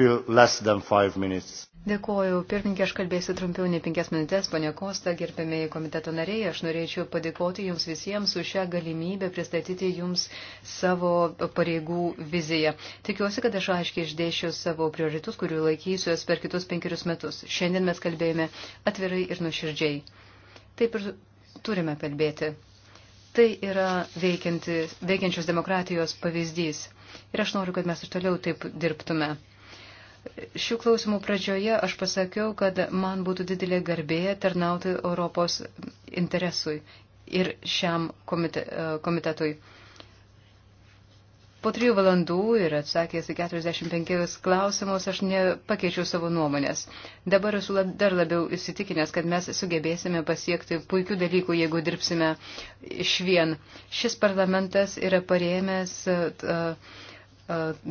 Dėkuoju. Pirmininkė, aš kalbėsiu trumpiau nei penkias minutės. Pane Kosta, gerbėmėjai komiteto nariai, aš norėčiau padėkoti Jums visiems už šią galimybę pristatyti Jums savo pareigų viziją. Tikiuosi, kad aš aiškiai išdėšiu savo prioritus, kurių laikysiuos per kitus penkerius metus. Šiandien mes kalbėjome atvirai ir nuširdžiai. Taip ir turime kalbėti. Tai yra veikiančios demokratijos pavyzdys. Ir aš noriu, kad mes ir toliau taip dirbtume. Šių klausimų pradžioje aš pasakiau, kad man būtų didelė garbė tarnauti Europos interesui ir šiam komite, e, komitetui. Po trijų valandų ir atsakęs į 45 klausimus, aš nepakeičiau savo nuomonės. Dabar esu lab, dar labiau įsitikinęs, kad mes sugebėsime pasiekti puikių dalykų, jeigu dirbsime iš vien. Šis parlamentas yra pareimęs. Uh, e,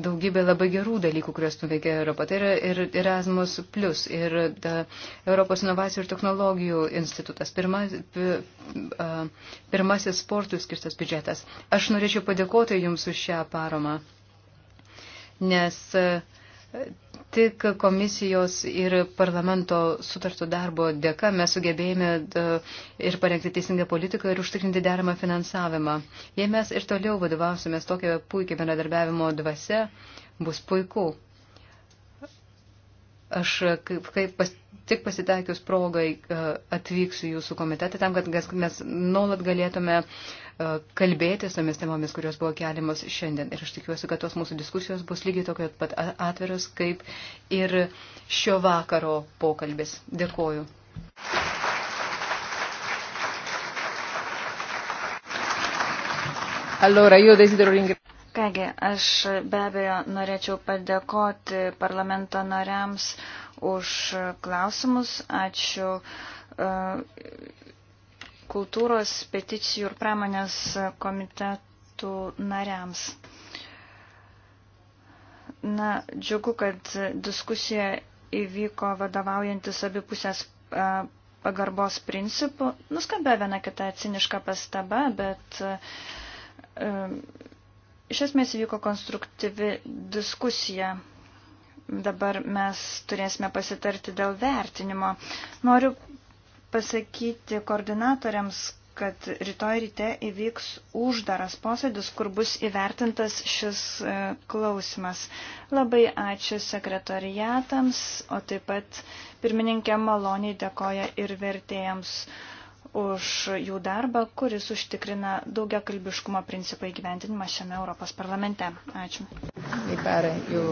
daugybė labai gerų dalykų, kuriuos nuveikė Europą. Tai yra ir Erasmus, plus, ir Europos inovacijų ir technologijų institutas, pirma, pirmasis sportui skirtas biudžetas. Aš norėčiau padėkoti Jums už šią paromą, nes tik komisijos ir parlamento sutarto darbo dėka mes sugebėjome e, ir parengti teisingą politiką ir užtikrinti deramą finansavimą. Jei mes ir toliau vadovausimės tokią puikią bendradarbiavimo dvasę, bus puiku. Aš kaip, kaip pas, tik pasitaikius progai e, atvyksiu jūsų komitetą tam, kad mes nuolat galėtume e, kalbėti su tomis temomis, kurios buvo keliamos šiandien. Ir aš tikiuosi, kad tos mūsų diskusijos bus lygiai tokios pat atviros kaip ir šio vakaro pokalbis. Dėkoju. Allora, io desidero ringraziare. Kągi, aš be abejo norėčiau padėkoti parlamento nariams už klausimus. Ačiū e, kultūros, peticijų ir pramonės komitetų nariams. Na, džiugu, kad diskusija įvyko vadovaujantis abipusės e, pagarbos principų. Nuskambėjo viena kita ciniška pastaba, bet e, Iš esmės įvyko konstruktyvi diskusija. Dabar mes turėsime pasitarti dėl vertinimo. Noriu pasakyti koordinatoriams, kad rytoj ryte įvyks uždaras posėdis, kur bus įvertintas šis e, klausimas. Labai ačiū sekretariatams, o taip pat pirmininkė maloniai dėkoja ir vertėjams už jų darbą, kuris užtikrina daugia kalbiškumo principą įgyventinimą šiame Europos parlamente. Ačiū. Mi pare, jų